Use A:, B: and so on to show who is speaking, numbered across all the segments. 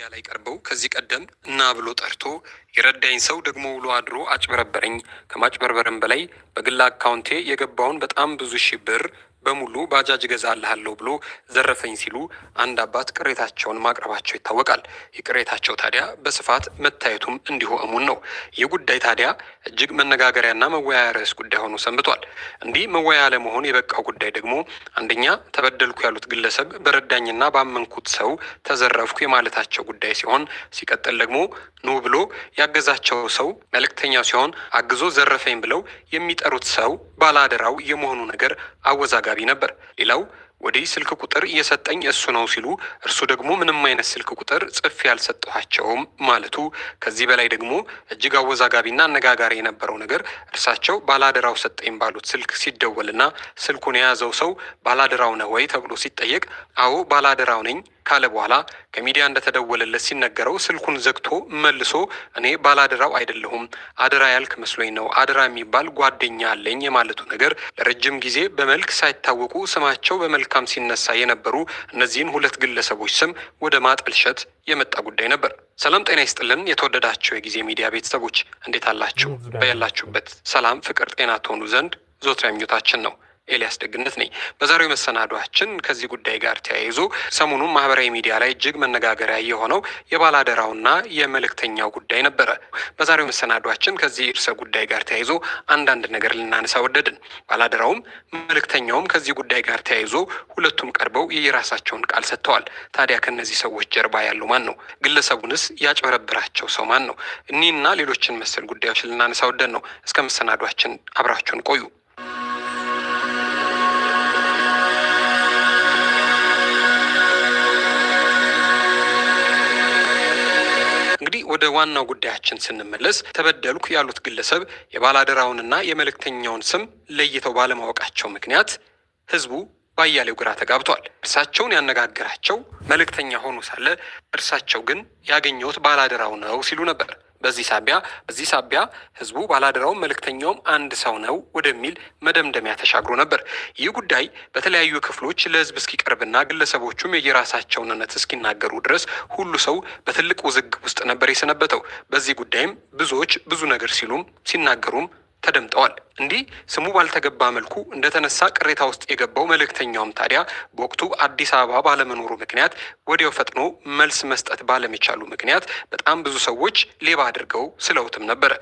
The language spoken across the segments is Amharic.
A: ሚዲያ ላይ ቀርበው ከዚህ ቀደም እና ብሎ ጠርቶ የረዳኝ ሰው ደግሞ ውሎ አድሮ አጭበረበረኝ፣ ከማጭበርበርም በላይ በግል አካውንቴ የገባውን በጣም ብዙ ሺህ ብር በሙሉ ባጃጅ እገዛልሃለሁ ብሎ ዘረፈኝ ሲሉ አንድ አባት ቅሬታቸውን ማቅረባቸው ይታወቃል። የቅሬታቸው ታዲያ በስፋት መታየቱም እንዲሁ እሙን ነው። ይህ ጉዳይ ታዲያ እጅግ መነጋገሪያና መወያያ ርዕስ ጉዳይ ሆኖ ሰንብቷል። እንዲህ መወያያ ለመሆን የበቃው ጉዳይ ደግሞ አንደኛ ተበደልኩ ያሉት ግለሰብ በረዳኝና ባመንኩት ሰው ተዘረፍኩ የማለታቸው ጉዳይ ሲሆን ሲቀጥል ደግሞ ኑ ብሎ ያገዛቸው ሰው መልእክተኛ ሲሆን አግዞ ዘረፈኝ ብለው የሚጠሩት ሰው ባላደራው የመሆኑ ነገር አወዛጋቢ ነበር። ሌላው ወዲህ ስልክ ቁጥር እየሰጠኝ እሱ ነው ሲሉ እርሱ ደግሞ ምንም አይነት ስልክ ቁጥር ጽፌ ያልሰጠኋቸውም ማለቱ፣ ከዚህ በላይ ደግሞ እጅግ አወዛጋቢና አነጋጋሪ የነበረው ነገር እርሳቸው ባላደራው ሰጠኝ ባሉት ስልክ ሲደወልና ስልኩን የያዘው ሰው ባላደራው ነው ወይ ተብሎ ሲጠየቅ አዎ ባላደራው ነኝ ካለ በኋላ ከሚዲያ እንደተደወለለት ሲነገረው ስልኩን ዘግቶ መልሶ እኔ ባላደራው አይደለሁም አደራ ያልክ መስሎኝ ነው አደራ የሚባል ጓደኛ አለኝ የማለቱ ነገር ለረጅም ጊዜ በመልክ ሳይታወቁ ስማቸው በመልክ መልካም ሲነሳ የነበሩ እነዚህን ሁለት ግለሰቦች ስም ወደ ማጠልሸት የመጣ ጉዳይ ነበር። ሰላም ጤና ይስጥልን። የተወደዳቸው የጊዜ ሚዲያ ቤተሰቦች እንዴት አላችሁ? በያላችሁበት ሰላም፣ ፍቅር፣ ጤና ትሆኑ ዘንድ ዞትሪያ ምኞታችን ነው። ኤልያስ ደግነት ነኝ። በዛሬው መሰናዷችን ከዚህ ጉዳይ ጋር ተያይዞ ሰሞኑን ማህበራዊ ሚዲያ ላይ እጅግ መነጋገሪያ የሆነው የባላደራውና የመልእክተኛው ጉዳይ ነበረ። በዛሬው መሰናዷችን ከዚህ እርሰ ጉዳይ ጋር ተያይዞ አንዳንድ ነገር ልናነሳ ወደድን። ባላደራውም መልእክተኛውም ከዚህ ጉዳይ ጋር ተያይዞ ሁለቱም ቀርበው የየራሳቸውን ቃል ሰጥተዋል። ታዲያ ከእነዚህ ሰዎች ጀርባ ያለው ማን ነው? ግለሰቡንስ ያጭበረብራቸው ሰው ማን ነው? እኒህና ሌሎችን መሰል ጉዳዮች ልናነሳ ወደን ነው። እስከ መሰናዷችን አብራችሁን ቆዩ። ወደ ዋናው ጉዳያችን ስንመለስ ተበደልኩ ያሉት ግለሰብ የባላደራውንና የመልእክተኛውን ስም ለይተው ባለማወቃቸው ምክንያት ህዝቡ ባያሌው ግራ ተጋብቷል። እርሳቸውን ያነጋግራቸው መልእክተኛ ሆኖ ሳለ እርሳቸው ግን ያገኘሁት ባላደራው ነው ሲሉ ነበር። በዚህ ሳቢያ በዚህ ሳቢያ ህዝቡ ባላደራውም መልእክተኛውም አንድ ሰው ነው ወደሚል መደምደሚያ ተሻግሮ ነበር። ይህ ጉዳይ በተለያዩ ክፍሎች ለህዝብ እስኪቀርብና ግለሰቦቹም የየራሳቸውን እውነት እስኪናገሩ ድረስ ሁሉ ሰው በትልቅ ውዝግብ ውስጥ ነበር የሰነበተው። በዚህ ጉዳይም ብዙዎች ብዙ ነገር ሲሉም ሲናገሩም ተደምጠዋል። እንዲህ ስሙ ባልተገባ መልኩ እንደተነሳ ቅሬታ ውስጥ የገባው መልእክተኛውም ታዲያ በወቅቱ አዲስ አበባ ባለመኖሩ ምክንያት ወዲያው ፈጥኖ መልስ መስጠት ባለመቻሉ ምክንያት በጣም ብዙ ሰዎች ሌባ አድርገው ስለውትም ነበረ።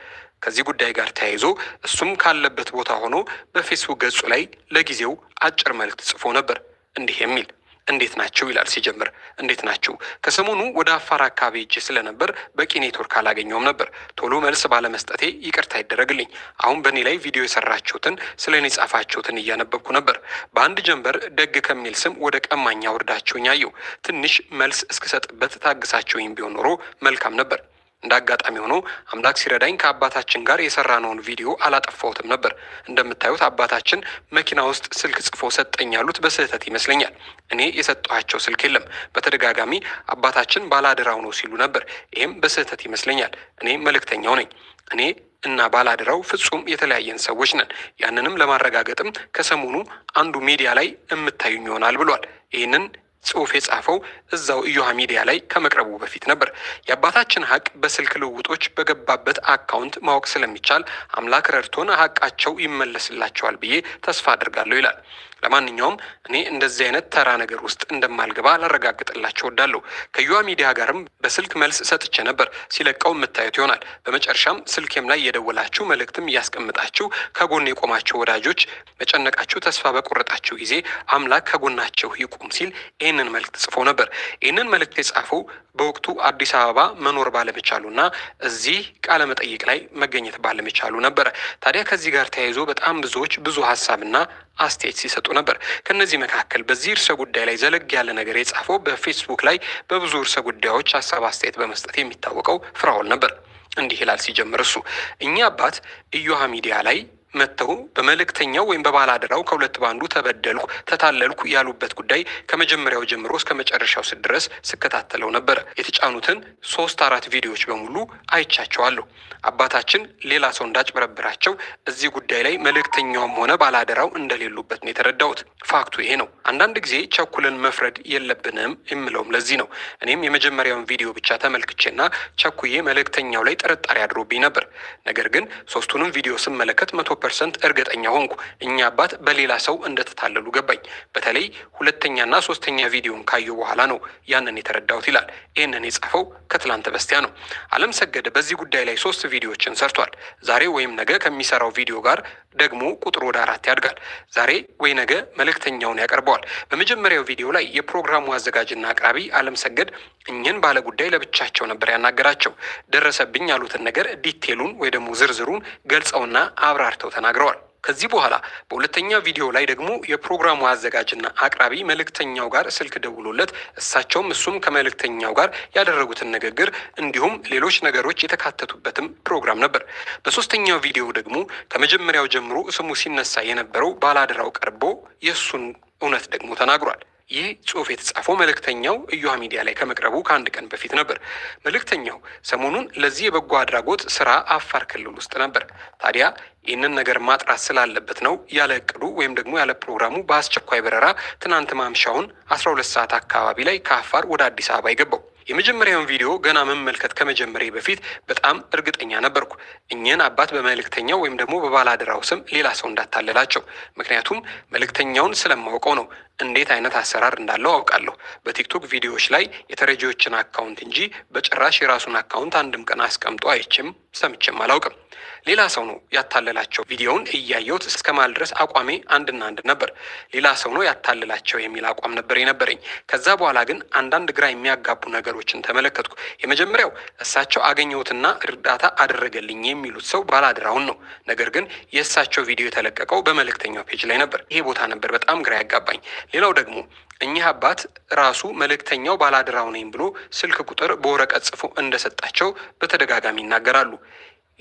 A: ከዚህ ጉዳይ ጋር ተያይዞ እሱም ካለበት ቦታ ሆኖ በፌስቡክ ገጹ ላይ ለጊዜው አጭር መልእክት ጽፎ ነበር እንዲህ የሚል እንዴት ናቸው ይላል ሲጀምር። እንዴት ናቸው ከሰሞኑ ወደ አፋር አካባቢ እጅ ስለነበር በቂ ኔትወርክ አላገኘውም ነበር። ቶሎ መልስ ባለመስጠቴ ይቅርታ ይደረግልኝ። አሁን በእኔ ላይ ቪዲዮ የሰራችሁትን ስለ እኔ ጻፋችሁትን እያነበብኩ ነበር። በአንድ ጀንበር ደግ ከሚል ስም ወደ ቀማኛ ወርዳችሁኝ አየሁ። ትንሽ መልስ እስክሰጥበት ታግሳችሁኝ ቢሆን ኖሮ መልካም ነበር። እንደ አጋጣሚ ሆኖ አምላክ ሲረዳኝ ከአባታችን ጋር የሰራነውን ቪዲዮ አላጠፋሁትም ነበር። እንደምታዩት አባታችን መኪና ውስጥ ስልክ ጽፎ ሰጠኝ ያሉት በስህተት ይመስለኛል። እኔ የሰጠኋቸው ስልክ የለም። በተደጋጋሚ አባታችን ባላደራው ነው ሲሉ ነበር። ይህም በስህተት ይመስለኛል። እኔ መልእክተኛው ነኝ። እኔ እና ባላደራው ፍጹም የተለያየን ሰዎች ነን። ያንንም ለማረጋገጥም ከሰሞኑ አንዱ ሚዲያ ላይ የምታዩኝ ይሆናል ብሏል። ይህንን ጽሑፍ የጻፈው እዛው እዮሃ ሚዲያ ላይ ከመቅረቡ በፊት ነበር። የአባታችን ሀቅ በስልክ ልውውጦች በገባበት አካውንት ማወቅ ስለሚቻል አምላክ ረድቶን ሀቃቸው ይመለስላቸዋል ብዬ ተስፋ አድርጋለሁ ይላል። ለማንኛውም እኔ እንደዚህ አይነት ተራ ነገር ውስጥ እንደማልገባ ላረጋግጥላቸው እወዳለሁ። ከዩዋ ሚዲያ ጋርም በስልክ መልስ ሰጥቼ ነበር፣ ሲለቀው የምታዩት ይሆናል። በመጨረሻም ስልኬም ላይ የደወላችሁ መልእክትም እያስቀምጣችሁ ከጎን የቆማቸው ወዳጆች መጨነቃችሁ ተስፋ በቆረጣችሁ ጊዜ አምላክ ከጎናቸው ይቁም ሲል ይህንን መልእክት ጽፎ ነበር። ይህንን መልእክት የጻፈው በወቅቱ አዲስ አበባ መኖር ባለመቻሉና እዚህ ቃለ መጠይቅ ላይ መገኘት ባለመቻሉ ነበረ። ታዲያ ከዚህ ጋር ተያይዞ በጣም ብዙዎች ብዙ ሀሳብና አስተያየት ሲሰጡ ሲሰጡ ነበር። ከነዚህ መካከል በዚህ እርሰ ጉዳይ ላይ ዘለግ ያለ ነገር የጻፈው በፌስቡክ ላይ በብዙ እርሰ ጉዳዮች ሀሳብ አስተያየት በመስጠት የሚታወቀው ፍራውል ነበር። እንዲህ ይላል ሲጀምር እሱ እኛ አባት እዮሃ ሚዲያ ላይ መጥተው በመልእክተኛው ወይም በባላደራው ከሁለት ባንዱ ተበደልኩ፣ ተታለልኩ ያሉበት ጉዳይ ከመጀመሪያው ጀምሮ እስከ መጨረሻው ስድረስ ስከታተለው ነበር። የተጫኑትን ሶስት አራት ቪዲዮዎች በሙሉ አይቻቸዋለሁ። አባታችን ሌላ ሰው እንዳጭበረብራቸው እዚህ ጉዳይ ላይ መልእክተኛውም ሆነ ባላደራው እንደሌሉበት ነው የተረዳሁት። ፋክቱ ይሄ ነው። አንዳንድ ጊዜ ቸኩለን መፍረድ የለብንም የምለውም ለዚህ ነው። እኔም የመጀመሪያውን ቪዲዮ ብቻ ተመልክቼና ቸኩዬ መልእክተኛው ላይ ጥርጣሬ አድሮብኝ ነበር። ነገር ግን ሶስቱንም ቪዲዮ ስመለከት መቶ ፐርሰንት እርግጠኛ ሆንኩ። እኛ አባት በሌላ ሰው እንደተታለሉ ገባኝ። በተለይ ሁለተኛና ሶስተኛ ቪዲዮን ካዩ በኋላ ነው ያንን የተረዳሁት ይላል። ይህንን የጻፈው ከትላንት በስቲያ ነው። አለም ሰገደ በዚህ ጉዳይ ላይ ሶስት ቪዲዮዎችን ሰርቷል። ዛሬ ወይም ነገ ከሚሰራው ቪዲዮ ጋር ደግሞ ቁጥሩ ወደ አራት ያድጋል። ዛሬ ወይ ነገ መልእክተኛውን ያቀርበዋል። በመጀመሪያው ቪዲዮ ላይ የፕሮግራሙ አዘጋጅና አቅራቢ አለም ሰገድ እኚህን ባለ ጉዳይ ለብቻቸው ነበር ያናገራቸው። ደረሰብኝ ያሉትን ነገር ዲቴሉን ወይ ደግሞ ዝርዝሩን ገልጸውና አብራርተው መሆናቸው ተናግረዋል። ከዚህ በኋላ በሁለተኛ ቪዲዮ ላይ ደግሞ የፕሮግራሙ አዘጋጅና አቅራቢ መልእክተኛው ጋር ስልክ ደውሎለት እሳቸውም እሱም ከመልእክተኛው ጋር ያደረጉትን ንግግር እንዲሁም ሌሎች ነገሮች የተካተቱበትም ፕሮግራም ነበር። በሶስተኛው ቪዲዮ ደግሞ ከመጀመሪያው ጀምሮ ስሙ ሲነሳ የነበረው ባላደራው ቀርቦ የእሱን እውነት ደግሞ ተናግሯል። ይህ ጽሁፍ የተጻፈው መልእክተኛው እዮሃ ሚዲያ ላይ ከመቅረቡ ከአንድ ቀን በፊት ነበር። መልእክተኛው ሰሞኑን ለዚህ የበጎ አድራጎት ስራ አፋር ክልል ውስጥ ነበር። ታዲያ ይህንን ነገር ማጥራት ስላለበት ነው ያለ እቅዱ ወይም ደግሞ ያለ ፕሮግራሙ በአስቸኳይ በረራ ትናንት ማምሻውን 12 ሰዓት አካባቢ ላይ ከአፋር ወደ አዲስ አበባ የገባው። የመጀመሪያውን ቪዲዮ ገና መመልከት ከመጀመሬ በፊት በጣም እርግጠኛ ነበርኩ፣ እኚህን አባት በመልእክተኛው ወይም ደግሞ በባላደራው ስም ሌላ ሰው እንዳታለላቸው። ምክንያቱም መልእክተኛውን ስለማውቀው ነው። እንዴት አይነት አሰራር እንዳለው አውቃለሁ። በቲክቶክ ቪዲዮዎች ላይ የተረጂዎችን አካውንት እንጂ በጭራሽ የራሱን አካውንት አንድም ቀን አስቀምጦ አይችም ሰምቼም አላውቅም። ሌላ ሰው ነው ያታለላቸው። ቪዲዮውን እያየሁት እስከ ማል ድረስ አቋሜ አንድና አንድ ነበር። ሌላ ሰው ነው ያታለላቸው የሚል አቋም ነበር የነበረኝ። ከዛ በኋላ ግን አንዳንድ ግራ የሚያጋቡ ነገሮችን ተመለከትኩ። የመጀመሪያው እሳቸው አገኘሁትና እርዳታ አደረገልኝ የሚሉት ሰው ባላድራውን ነው። ነገር ግን የእሳቸው ቪዲዮ የተለቀቀው በመልእክተኛው ፔጅ ላይ ነበር። ይሄ ቦታ ነበር በጣም ግራ ያጋባኝ። ሌላው ደግሞ እኚህ አባት ራሱ መልእክተኛው ባላደራው ነኝ ብሎ ስልክ ቁጥር በወረቀት ጽፎ እንደሰጣቸው በተደጋጋሚ ይናገራሉ።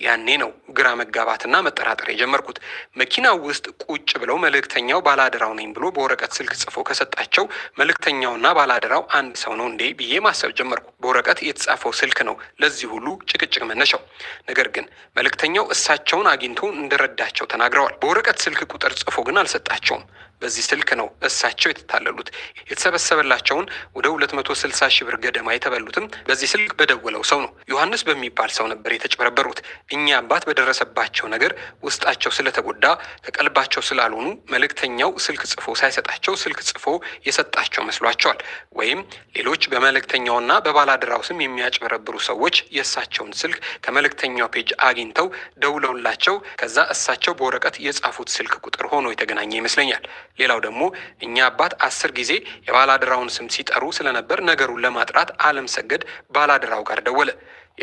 A: ያኔ ነው ግራ መጋባትና መጠራጠር የጀመርኩት። መኪናው ውስጥ ቁጭ ብለው መልእክተኛው ባላደራው ነኝ ብሎ በወረቀት ስልክ ጽፎ ከሰጣቸው መልእክተኛውና ባላደራው አንድ ሰው ነው እንዴ ብዬ ማሰብ ጀመርኩ። በወረቀት የተጻፈው ስልክ ነው ለዚህ ሁሉ ጭቅጭቅ መነሻው። ነገር ግን መልእክተኛው እሳቸውን አግኝቶ እንደረዳቸው ተናግረዋል። በወረቀት ስልክ ቁጥር ጽፎ ግን አልሰጣቸውም። በዚህ ስልክ ነው እሳቸው የተታለሉት። የተሰበሰበላቸውን ወደ ሁለት መቶ ስልሳ ሺህ ብር ገደማ የተበሉትም በዚህ ስልክ በደወለው ሰው ነው። ዮሐንስ በሚባል ሰው ነበር የተጭበረበሩት። እኛ አባት በደረሰባቸው ነገር ውስጣቸው ስለተጎዳ ከቀልባቸው ስላልሆኑ መልእክተኛው ስልክ ጽፎ ሳይሰጣቸው ስልክ ጽፎ የሰጣቸው መስሏቸዋል። ወይም ሌሎች በመልእክተኛውና በባላ በካድራው ስም የሚያጭበረብሩ ሰዎች የእሳቸውን ስልክ ከመልእክተኛው ፔጅ አግኝተው ደውለውላቸው ከዛ እሳቸው በወረቀት የጻፉት ስልክ ቁጥር ሆኖ የተገናኘ ይመስለኛል። ሌላው ደግሞ እኛ አባት አስር ጊዜ የባላደራውን ስም ሲጠሩ ስለነበር ነገሩን ለማጥራት አለም ሰገድ ባላደራው ጋር ደወለ።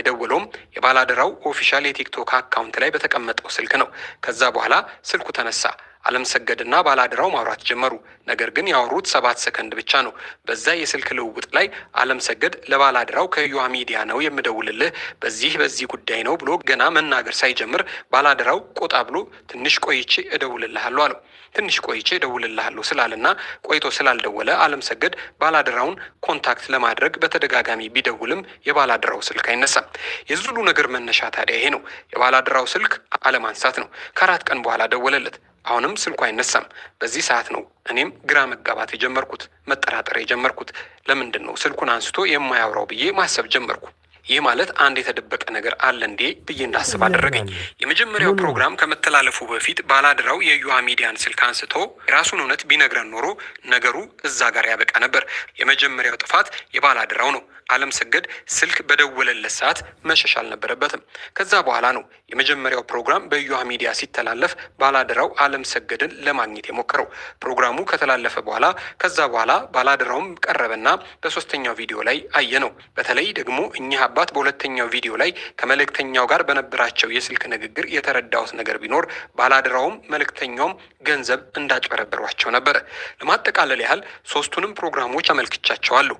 A: የደወለውም የባላደራው ኦፊሻል የቲክቶክ አካውንት ላይ በተቀመጠው ስልክ ነው። ከዛ በኋላ ስልኩ ተነሳ። አለም ሰገድና ባላደራው ማውራት ጀመሩ። ነገር ግን ያወሩት ሰባት ሰከንድ ብቻ ነው። በዛ የስልክ ልውውጥ ላይ አለም ሰገድ ለባላደራው ከዩዋ ሚዲያ ነው የምደውልልህ በዚህ በዚህ ጉዳይ ነው ብሎ ገና መናገር ሳይጀምር ባላደራው ቆጣ ብሎ ትንሽ ቆይቼ እደውልልሃለሁ አለው። ትንሽ ቆይቼ እደውልልሃለሁ ስላልና ቆይቶ ስላልደወለ አለም ሰገድ ባላደራውን ኮንታክት ለማድረግ በተደጋጋሚ ቢደውልም የባላደራው ስልክ አይነሳም። የዙሉ ነገር መነሻ ታዲያ ይሄ ነው። የባላደራው ስልክ አለማንሳት ነው። ከአራት ቀን በኋላ ደወለለት። አሁንም ስልኩ አይነሳም። በዚህ ሰዓት ነው እኔም ግራ መጋባት የጀመርኩት፣ መጠራጠር የጀመርኩት። ለምንድን ነው ስልኩን አንስቶ የማያወራው ብዬ ማሰብ ጀመርኩ። ይህ ማለት አንድ የተደበቀ ነገር አለ እንዴ ብዬ እንዳስብ አደረገኝ። የመጀመሪያው ፕሮግራም ከመተላለፉ በፊት ባላድራው የዩሃ ሚዲያን ስልክ አንስቶ የራሱን እውነት ቢነግረን ኖሮ ነገሩ እዛ ጋር ያበቃ ነበር። የመጀመሪያው ጥፋት የባላድራው ነው። አለም ሰገድ ስልክ በደወለለት ሰዓት መሸሽ አልነበረበትም። ከዛ በኋላ ነው የመጀመሪያው ፕሮግራም በዩሃ ሚዲያ ሲተላለፍ ባላድራው አለም ሰገድን ለማግኘት የሞከረው። ፕሮግራሙ ከተላለፈ በኋላ ከዛ በኋላ ባላድራውም ቀረበና በሶስተኛው ቪዲዮ ላይ አየ ነው። በተለይ ደግሞ እኚህ አባት በሁለተኛው ቪዲዮ ላይ ከመልእክተኛው ጋር በነበራቸው የስልክ ንግግር የተረዳሁት ነገር ቢኖር ባላደራውም መልእክተኛውም ገንዘብ እንዳጭበረበሯቸው ነበር። ለማጠቃለል ያህል ሶስቱንም ፕሮግራሞች አመልክቻቸዋለሁ።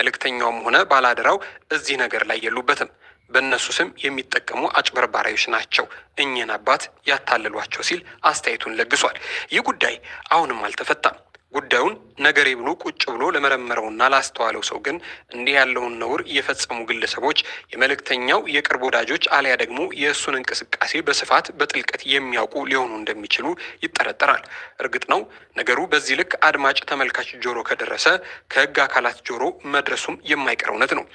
A: መልእክተኛውም ሆነ ባላደራው እዚህ ነገር ላይ የሉበትም። በእነሱ ስም የሚጠቀሙ አጭበርባሪዎች ናቸው እኚህን አባት ያታለሏቸው ሲል አስተያየቱን ለግሷል። ይህ ጉዳይ አሁንም አልተፈታም። ጉዳዩን ነገሬ ብሎ ቁጭ ብሎ ለመረመረውና ላስተዋለው ሰው ግን እንዲህ ያለውን ነውር የፈጸሙ ግለሰቦች የመልእክተኛው የቅርብ ወዳጆች አሊያ ደግሞ የእሱን እንቅስቃሴ በስፋት በጥልቀት የሚያውቁ ሊሆኑ እንደሚችሉ ይጠረጠራል። እርግጥ ነው ነገሩ በዚህ ልክ አድማጭ ተመልካች ጆሮ ከደረሰ ከህግ አካላት ጆሮ መድረሱም የማይቀር እውነት ነው።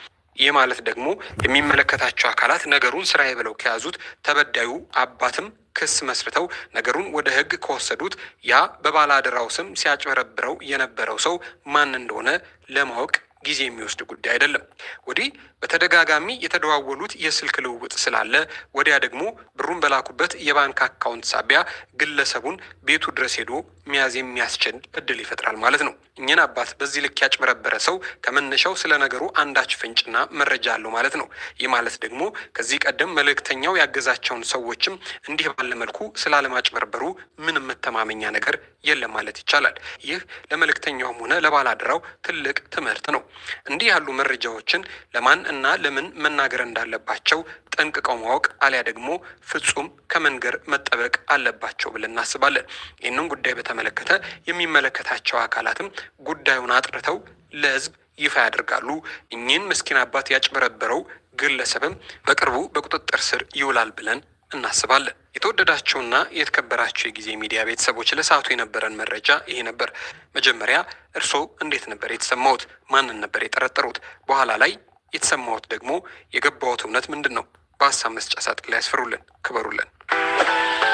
A: ይህ ማለት ደግሞ የሚመለከታቸው አካላት ነገሩን ስራዬ ብለው ከያዙት ተበዳዩ አባትም ክስ መስርተው ነገሩን ወደ ህግ ከወሰዱት ያ በባላደራው ስም ሲያጭበረብረው የነበረው ሰው ማን እንደሆነ ለማወቅ ጊዜ የሚወስድ ጉዳይ አይደለም። ወዲህ በተደጋጋሚ የተደዋወሉት የስልክ ልውውጥ ስላለ፣ ወዲያ ደግሞ ብሩን በላኩበት የባንክ አካውንት ሳቢያ ግለሰቡን ቤቱ ድረስ ሄዶ መያዝ የሚያስችል እድል ይፈጥራል ማለት ነው። እኚህን አባት በዚህ ልክ ያጭበረበረ ሰው ከመነሻው ስለ ነገሩ አንዳች ፍንጭና መረጃ አለው ማለት ነው። ይህ ማለት ደግሞ ከዚህ ቀደም መልእክተኛው ያገዛቸውን ሰዎችም እንዲህ ባለ መልኩ ስላለማጭበርበሩ ምንም መተማመኛ ነገር የለም ማለት ይቻላል። ይህ ለመልእክተኛውም ሆነ ለባላደራው ትልቅ ትምህርት ነው። እንዲህ ያሉ መረጃዎችን ለማን እና ለምን መናገር እንዳለባቸው ጠንቅቀው ማወቅ አሊያ ደግሞ ፍጹም ከመንገር መጠበቅ አለባቸው ብለን እናስባለን። ይህንን ጉዳይ በተመለከተ የሚመለከታቸው አካላትም ጉዳዩን አጥርተው ለህዝብ ይፋ ያደርጋሉ። እኚህን ምስኪን አባት ያጭበረበረው ግለሰብም በቅርቡ በቁጥጥር ስር ይውላል ብለን እናስባለን። የተወደዳችሁና የተከበራችሁ የጊዜ ሚዲያ ቤተሰቦች ለሰዓቱ የነበረን መረጃ ይሄ ነበር። መጀመሪያ እርስዎ እንዴት ነበር የተሰማሁት? ማንን ነበር የጠረጠሩት? በኋላ ላይ የተሰማሁት ደግሞ የገባሁት እውነት ምንድን ነው? በሀሳብ መስጫ ሳጥን ላይ ያስፍሩልን። ክበሩልን።